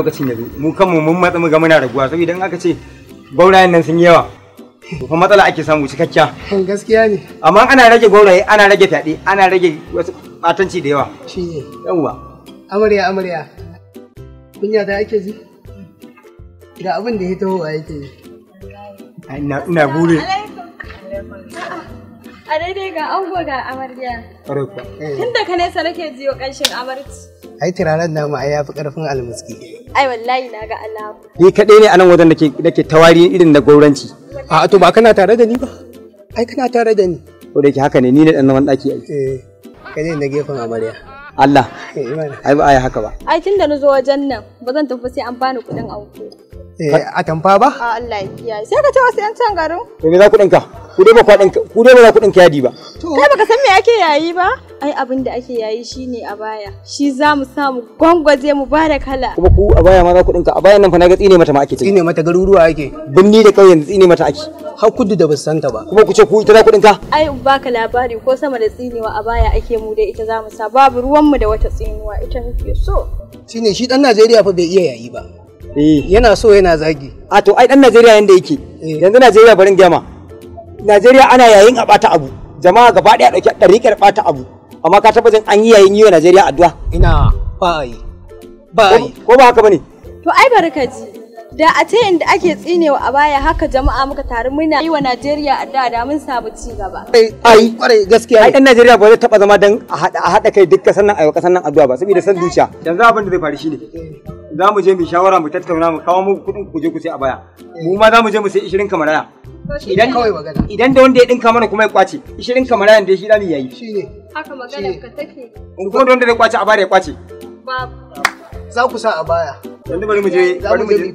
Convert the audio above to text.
lokacin ya zo mu kanmu mun matsa mu ga muna raguwa saboda idan aka ce gwaurayen nan sun yi yawa kuma matsala ake samu cikakkiya gaskiya ne amma ana rage gwauraye ana rage fyaɗe ana rage wasu batanci da yawa ne yawa amarya amarya kunya da ake ji da abin da ya taho a yake yi. ina ina a daidai ga ango ga amarya eh. tun da ka nesa nake jiyo ƙanshin amarci ai turaren namu ai yafi ƙarfin almuski ai wallahi na ga alamu ni kaɗai ne anan wajen nake nake tawari irin na gauranci a to ba kana tare da ni ba ai kana tare da ni ko da yake haka ne ni ne dan naman ɗaki. ai ka eh, kai ne na gefen amarya Allah eh, ai ba ai haka ba ai tun da nazo wajen nan ba zan tafi sai an bani kudin auko eh a tamfa ba a Allah ya sai ka tawa sai an can garin to me za kudin ka ku dai ba kudin ku dai ba ka yadi ba kai baka san me ake yayi ba ai abin da ake yayi shine a baya shi za mu sa mu gwangwaje mu ba da kala kuma ku a baya ma za ku dinka a bayan nan fa na ga tsine mata ma ake tsine mata garuruwa ake binni da ƙauyen tsine mata ake har kudu da basu santa ba kuma ku ce ku ita za ku dinka ai baka labari ko sama da tsinewa a baya ake mu da ita za mu sa babu ruwan mu da wata tsinewa ita muke so shine shi dan Najeriya fa bai iya yayi ba Eh yana so yana zagi a to ai dan Najeriya yanda yake eh. yanzu Najeriya barin gama Najeriya ana yayin a bata abu jama'a gaba daya dauke ɗariƙar bata abu amma ka taba an yi yayin yiwa Najeriya addu'a ina ba yi ba yi ko ba haka bane to ai barka da a ce inda ake tsinewa a baya haka jama'a muka taru muna yi wa Najeriya addu'a da mun samu ci gaba ai kwarai gaskiya ai dan Najeriya ba zai taba zama dan a hada kai duk kasan nan ayo kasan nan addu'a ba saboda san zuciya yanzu abin da zai faru shine za mu je mu shawara mu tattauna mu kawo muku kuɗin ku je ku sai a baya mu ma za mu je mu sai 20 kamaraya idan da wanda ya dinka mana kuma ya kwace ishirin kamarayan da shi da yayi ne. Haka maganar ka take. Kuma wanda ya kwace a baya ya kwace. Babu. Za ku sa a baya. Yanzu bari mu je bari